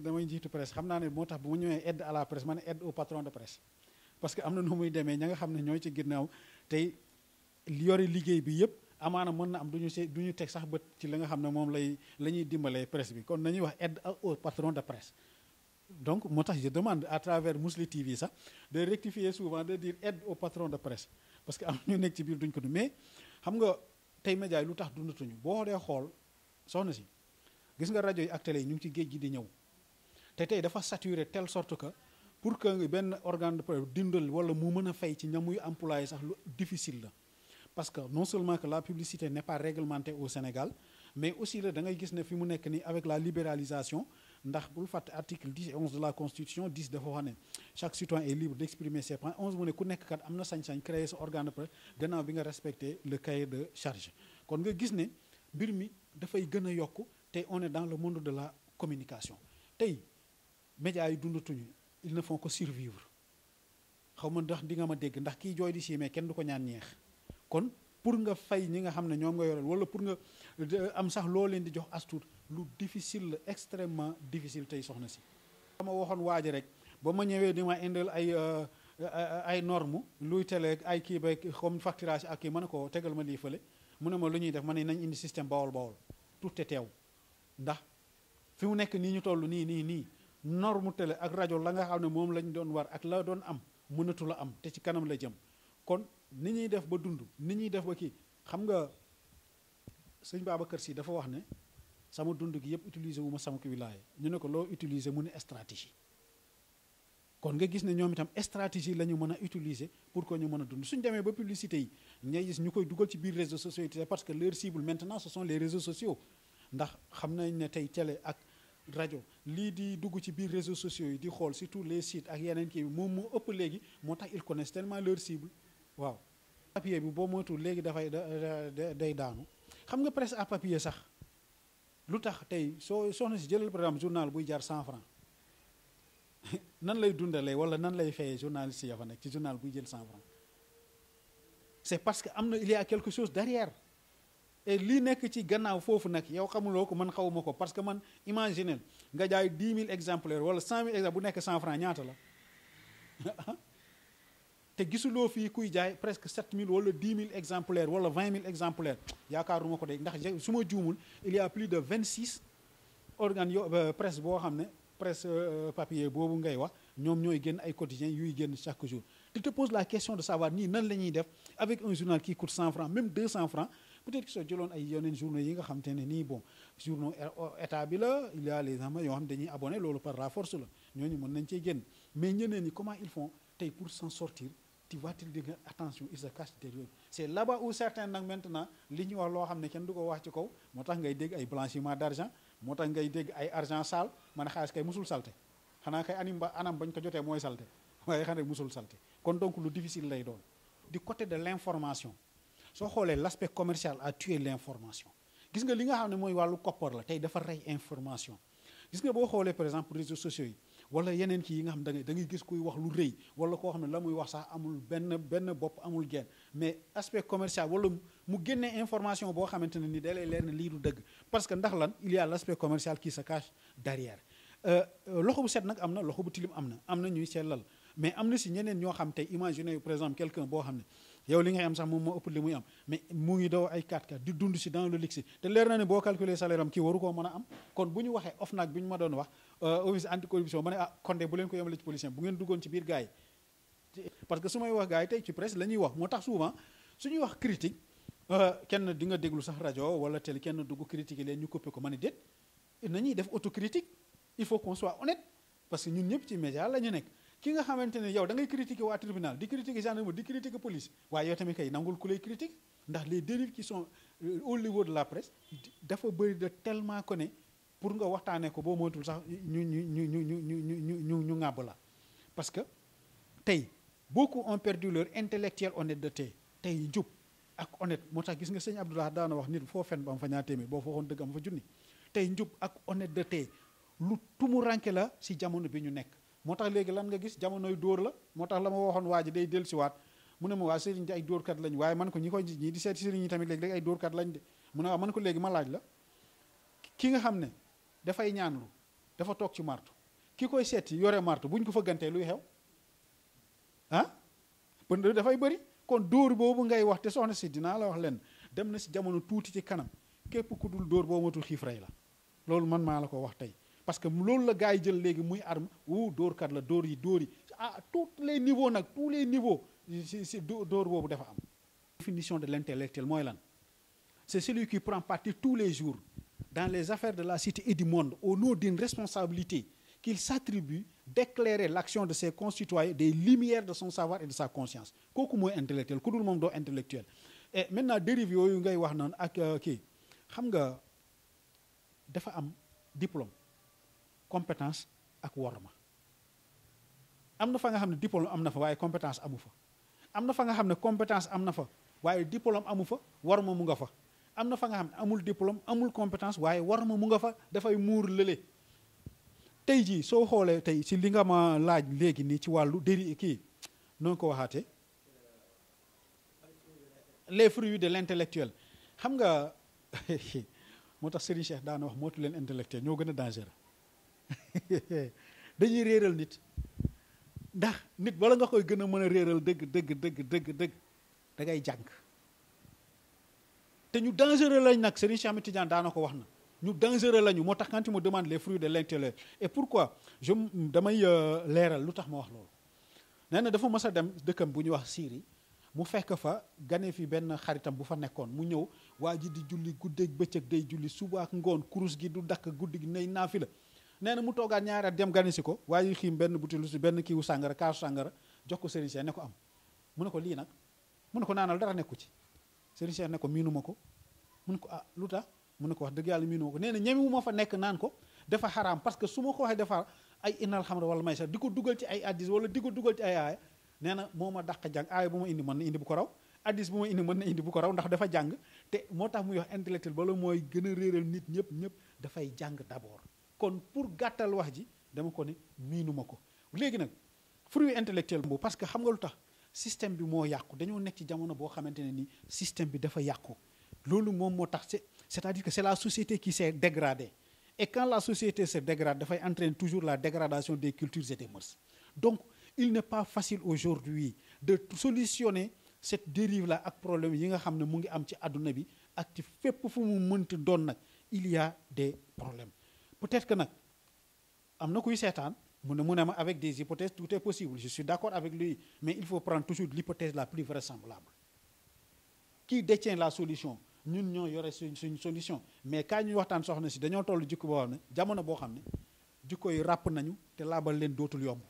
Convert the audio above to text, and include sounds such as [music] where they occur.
damay njiitu presse xam naa ne moo tax bu ma ñëwee aide à la presse ma ne aide au patron de presse parce que am na nu muy demee ña nga xam ne ñooy ci ginnaaw tey yore liggéey bi yëpp amaana mën na am du ñu se du ñu teg sax bët ci la nga xam ne moom lay lañuy ñuy dimbalee presse bi kon nañuy wax aide au patron de presse donc moo tax je demande à travers Mously TV sax de rectifier souvent de dire aide au patron de presse parce que am ñu nekk ci biir duñ ko du mais xam nga tey média lu tax dundatuñu boo dee xool soxna si gis nga rajo yi ak télé ci géej gi di ñëw te tey dafa saturé telle sorte que pour que benn organe de presse dindal wala mu mën a fay ci ñam muy employé sax lu difficile la parce que non seulement que la publicité n'est pas réglementée au Sénégal mais aussi la da ngay gis ne fi mu nekk nii avec la libéralisation ndax bul fàtte article 10 et de la constitution 10 dafa wax ne chaque citoyen est libre d'exprimer ses points 11 mu ne ku nekk kat am na sañ-sañ créer sa organe de presse gannaaw bi nga respecter le cahier de charge kon nga gis ne mbir mi dafay gën a yokk te on est dans le monde de la communication tey médias yi dundatuñu ils ne font que survivre xaw ma ndax di nga ma dégg ndax kii jooy di siimee kenn du ko ñaan ñeex kon pour nga fay ñi nga xam ne ñoom nga yoreel wala pour nga euh, am sax loo leen di jox astuut lu difficile la extrêmement difficile tey soxna si dama waxoon waaji rek ba ma ñëwee di ma indil ay euh, ay norme luy tele ay kii ba comme facturage ak kii mën a ko tegal ma lii fële mu ne ma lu ñuy def ma ne nañ indi système bawol bawol tout te teew mu nekk nii ñu toll nii nii nii norme télé ak rajo la nga xam ne moom lañ doon war ak la doon am mënatul a am te ci kanam la jëm kon ni ñuy def ba dund ni ñuy def ba kii xam nga sëñ Babacar Sy dafa wax ne sama dund gi yëpp utiliser wu ma sama ko wilaaye ñu ne ko loo utiliser mu ne stratégie kon nga gis ne ñoom itam stratégie la ñu mën a utiliser pour que ñu mën a dund suñ demee ba publicité yi ngay ñu koy dugal ci biir réseaux sociaux parce que leur cible maintenant ce sont les réseaux ndax xam nañ ne tey télé ak rajo lii di dugg ci biir réseaux sociaux yi di xool surtout les sites ak yeneen kii moom moo ëpp léegi moo tax ils connaissent tellement leur cible waaw papier bi boo moytuwul léegi dafay day daanu xam nga presse à papier sax lu tax tey soo soxna si jëlal programme journal buy jar 100 francs [laughs] nan lay dundalee wala nan lay fayee journaliste ya fa nekk ci journal buy jël 100 francs c'est parce que am na il y a quelque chose derrière et li nekk ci gannaaw foofu nag yow xamuloo ko man xawuma ko parce que man imaginez nga jaay 10 000 exemplaires wala 100 000 exemplaires bu nekk 100 francs ñaata la [laughs] te gisuloo fii kuy jaay presque 7000 wala 10 000 exemplaires wala 20 000 exemplaires yaakaaruma ko de ndax su ma juumul il y a plus de 26 organes yo euh, presse boo xam ne presse euh, papier boobu ngay wax ñoom ñooy génn ay quotidiens yuy génn chaque jour. tu te poses la question de savoir nii nan la ñuy def avec un journal qui coûte 100 francs même 200 francs peut-être que soo jëloon ay yeneen journaux yi nga xam te ne nii bon journaux euh, euh, état bi la il y a les ama yoo xam dañuy abonné loolu par la force la ñooñu mën nañ cee génn mais ñeneen ñi comment ils font tey pour s'en sortir tu vois-t-il di nga attention ils se cachent derrière c'est là-bas certains nag maintenant li ñu wax loo xam ne kenn du ko wax ci kaw moo tax ngay dégg ay blanchiment d'argent moo tax ngay dégg ay argent sale man xaalis kay musul salte xanaa kay anim ba anam bañ ko jotee mooy salte [laughs] waaye xanaa musul salte kon donc lu difficile lay doon du côté de l'information soo xoolee l'aspect commercial a tué l'information gis nga li nga xam ne mooy wàllu koppar la tey dafa rey information gis nga boo xoolee par exemple réseaux sociaux yi wala yeneen kii yi nga xam da dangay dangay gis kuy wax lu rëy wala koo xam ne la muy wax sax amul benn benn bopp amul genn mais aspect commercial wala mu génnee information boo xamante ne nii da lay leer ne lii du dëgg parce que ndax lan il y a l'aspect commercial qui se cache derrière euh, euh, loxo bu set nag am na loxo bu tilim am na am na ñuy sellal mais am na si ñeneen ñoo xam tey imaginer par exemple quelqu'un boo xam ne yow li ngay am sax moom moo ëpp li muy am mais mu ngi daw ay 4 di dund si dans le luxe te leer na ne boo calculer salaire am kii waru koo mën a am kon bu ñu waxee OFNAC bi ñu ma doon wax euh, office anticorruption ma ne ah kon de bu leen ko yemale ci policier bu ngeen duggoon ci biir gars yi parce que su may wax gars yi tey ci presse la ñuy wax moo tax souvent ñu wax critique euh, kenn di nga déglu sax rajo wala télé kenn dugg critiquer leen ñu coppe ko ma ne déet nañuy def autocritique il faut qu'on soit parce que ñun ñëpp ci média la ñu nekk ki nga xamante ne yow da ngay critiquer waa tribunal di critiquer gendarmerie di critiquer police waaye yow tamit kay nangul ku lay critique ndax les dérives qui sont euh, au niveau de la presse dafa bëri de tellement que ne pour nga waxtaanee ko boo moytul sax ñu ñu ñu ñu ñu ñu ñu ñu ŋàbb la parce que tey beaucoup ont perdu leur intellectuelle honnêteté tey jub ak honnête moo tax gis nga sëñ Abdoulaye daana wax nit foo fen ba am fa ñaar téeméer boo fa waxoon dëgg am fa junni tey njub ak honnêteté lu tumuranke la si jamono bi ñu nekk moo tax léegi lan nga gis jamonoy dóor la moo tax la ma waxoon waa ji day dellusiwaat mu ne ma waa sëriñ di ay dóorkat lañ waaye man ko ñi koy ñi di seet sëriñ yi tamit léegi léegi ay dóorkat lañ de mu ne waaw man ko léegi ma laaj la ki nga xam ne dafay ñaanlu dafa toog ci martu ki koy seeti yore marto bu ñu ko fëggantee luy xew ah pënd dafay bëri kon dóor boobu ngay wax te soxna si dinaa la wax leen dem na si jamono tuuti ci kanam képp ku dul dóor boo matul xiif rey la loolu man maa la ko wax tey parce que loolu la gars yi jël léegi muy arme wu dóorkat la dóor yi door yi à ah, tous les niveaux nag tous les niveaux si si dóor boobu dafa am. définition de l'intellectuel mooy lan c'est celui qui prend parti tous les jours dans les affaires de la cité et du monde au nom d'une responsabilité qu'il s'attribue d'éclairer l'action de ses concitoyens des limière de son savoir et de sa conscience kooku mooy intellectuel ku dul moom doo intellectuel et maintenant dérive yooyu ngay wax noonu ak euh, kii xam nga dafa am diplôme compétence ak worma am na fa nga xam ne diplôme am na fa waaye compétence amu fa am na fa nga xam ne compétence am na fa waaye diplôme amu fa worma mu nga fa am na fa nga xam ne amul diplôme amul compétence waaye worma mu nga fa dafay muur lële tey jii soo xoolee tey si li nga ma laaj léegi nii ci wàllu déri kii noonu ko waxaatee les fruits de l'intellectuel xam nga [laughs] moo tax Serigne Cheikh daana wax moo mootu leen intellectuel ñoo gën a dangereux [laughs] dañuy réeral nit ndax nit bala nga koy gën a mën a réeral dëgg dëgg dëgg dëgg da ngay jàng te ñu dangereux lañ nag Serigne Cheikh Ahmed Tidiane daana ko wax na ñu dangereux lañu moo tax quand tu me demandes les fruits de l'intellect et pourquoi je damay euh, leeral lu tax ma wax loolu nee na dafa mës a dem dëkkam bu ñuy wax Syrie mu fekk fa gane fi benn xaritam bu fa nekkoon mu ñëw waa ji di julli guddeeg bëccëg day julli suba ak ngoon kurus gi du dakk guddi gi nay naafi la nee na mu toogaat ñaari at dem ganisi ko waaye xiim benn butéelu si benn kiiwu sàngara kaasu sàngara jox ko sëriñ Cheikh ne ko am mu ne ko lii nag mun ne ko naanal dara nekku ci sëriñ Cheikh ne ko miinuma ko mu ne ko ah lu tax mu ne ko wax dëgg yàlla miinuma ko nee na ñemewu ma fa nekk naan ko dafa xaraam parce que su ma ko waxee dafa ay innal xamra wala may sax di ko dugal ci ay addis wala di ko dugal ci ay aaya nee na moo ma dàq jàng aaya bu ma indi mën na indi bu ko raw addis bu indi mën na indi bu ko raw ndax dafa jàng te moo tax muy wax intellectuel bala mooy gën a réeral nit ñëpp ñëpp dafay jàng d'abord kon pour gàttal wax ji dama ko ne miinuma ko léegi nag fruit intellectuel boobu parce que xam nga lu tax système bi moo yàqu dañoo nekk ci jamono boo xamante ne ni système bi dafa yàqu loolu moom moo tax c'est-à-dire que c'est la société qui s'est dégradée et quand la société se dégrade dafay entraîne toujours la dégradation des cultures et des mœurs donc il n'est pas facile aujourd'hui de solutionner cette dérive là ak problème yi nga xam ne mu ngi am ci àdduna bi ak ci fépp mu mënti doon nag il des problèmes peut-être que nag am na kuy seetaan mu ne mu ne ma avec des hypothèses tout est possible je suis d'accord avec lui mais il faut prendre toujours l'hypothèse la plus vraisemblable kii détient la solution ñun ñoo yore suñ suñ solution mais kaa ñuy waxtaan soxna si dañoo toll jikko boo xam ne jamono boo xam ne jikko yi ràpp nañu te laabal leen dootul yomb